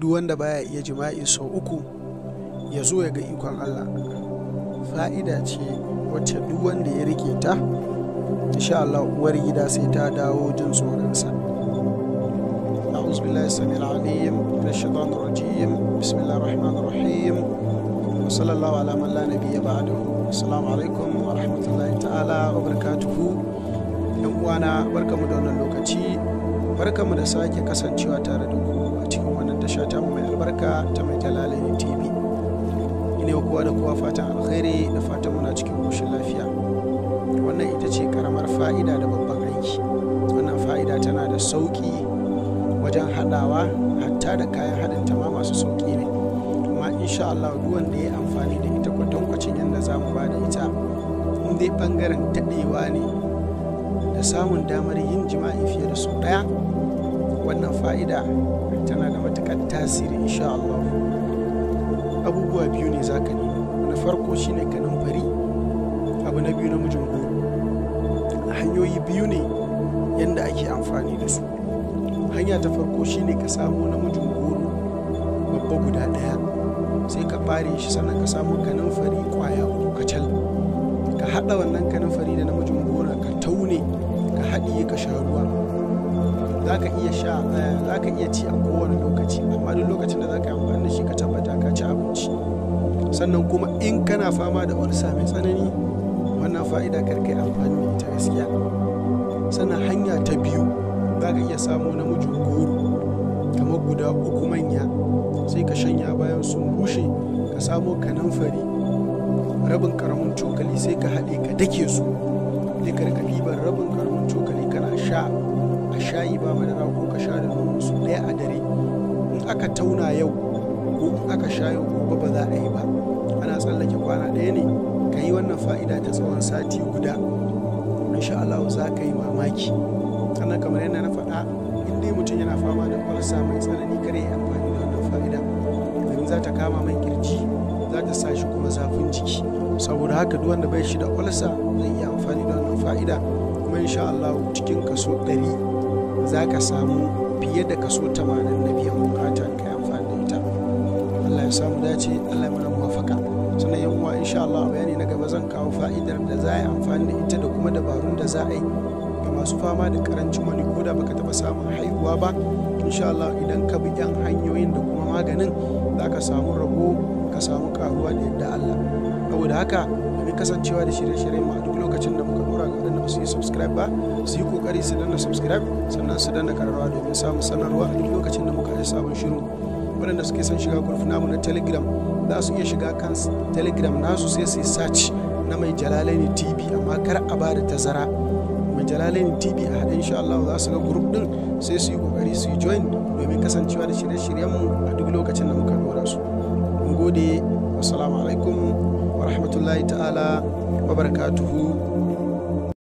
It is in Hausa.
duk wanda baya iya jima'i sau uku ya zo ya ga ikon Allah fa'ida ce wacce duk wanda ya rike ta insha Allah uwar gida sai ta dawo jin tsoronsa أعوذ بالله السميع العليم من الشيطان الرجيم بسم الله الرحمن الرحيم وصلى الله على من لا نبي بعده السلام wa ورحمة ta'ala wa وبركاته ‘yan uwana barkamu da wannan lokaci barkamu da sake kasancewa tare da ku a cikin ta mai talalaini tv ina yau kowa da kowa fatan alkhairi da fatan muna cikin koshin lafiya wannan ita ce karamar fa'ida da babban aiki wannan fa'ida tana da sauƙi wajen haɗawa hatta da kayan haɗin ta ma masu sauƙi ne amma insha Allah duk wanda ya amfani da ita kwatankwacin yadda za mu ba da ita in dai bangaren daɗewa ne da samun damar yin jima'i fiye da sau ɗaya fa'ida tana da matuƙar tasiri insha Allah abubuwa biyu ne za ka nema na farko shine ka numfari abu na biyu namijin goro hanyoyi biyu ne yadda ake amfani da su hanya ta farko shi ne ka samu namijin goro babba guda ɗaya sai ka ɓare shi sannan ka samu kanumfari kwaya ko kacal ka haɗa wannan numfari da namijin za ka iya sha eh, za ka iya ci a kowane lokaci amma duk lokacin da za ka yi amfani da shi ka tabbata ka ci abinci sannan kuma in kana fama da ulsa mai tsanani wannan fa'ida kar yi amfani da ita gaskiya sannan hanya ta biyu za ka iya samo namijin goro kamar guda uku manya sai ka shanya bayan sun bushe ka samo kanamfari rabin karamin cokali sai ka haɗe ka dake su zai ka rika rabin karamin cokali kana sha a shayi ba madara ko ka sha da nono su ɗaya a dare in aka tauna yau ko in aka sha yau gobe ba za a yi ba ana tsallake kwana ɗaya ne ka yi wannan fa'ida ta tsawon sati guda insha Allah za ka yi mamaki sannan kamar yadda na faɗa in dai mutum yana fama da kwalsa mai tsanani kare amfani da wannan fa'ida domin za ta kama mai kirji za ta sa shi kuma zafin jiki saboda haka duk wanda bai shi da olsa zai iya amfani da wannan fa'ida kuma insha Allah cikin kaso 100 za ka samu fiye da kaso 85 na biyan bukata amfani da ita Allah ya samu dace Allah ya mana muwafaka sannan yan uwa insha Allah bayani na gaba zan kawo fa'idar da za a yi amfani da ita da kuma dabarun da za a yi ga masu fama da karancin wani ko da baka taba samun haihuwa ba insha Allah idan ka bi yan hanyoyin da kuma maganin za ka samu rabo ka samu karuwa da yadda Allah saboda haka domin kasancewa da shirye-shiryen mu duk lokacin da muka dora ga waɗanda ba su yi subscribe ba su yi kokari su danna subscribe sannan su danna kararrawa domin samun sanarwa a duk lokacin da muka yi sabon shiru waɗanda suke son shiga group namu na telegram za su iya shiga kan telegram nasu sai su search na mai jalalaini tv amma kar a ba da tazara mai jalalaini tv a haɗe insha Allah za su ga group din sai su yi kokari su yi join domin kasancewa da shirye shiryen mu a duk lokacin da muka dora su mun gode assalamu alaikum wa rahmatullahi ta'ala wa barakatuhu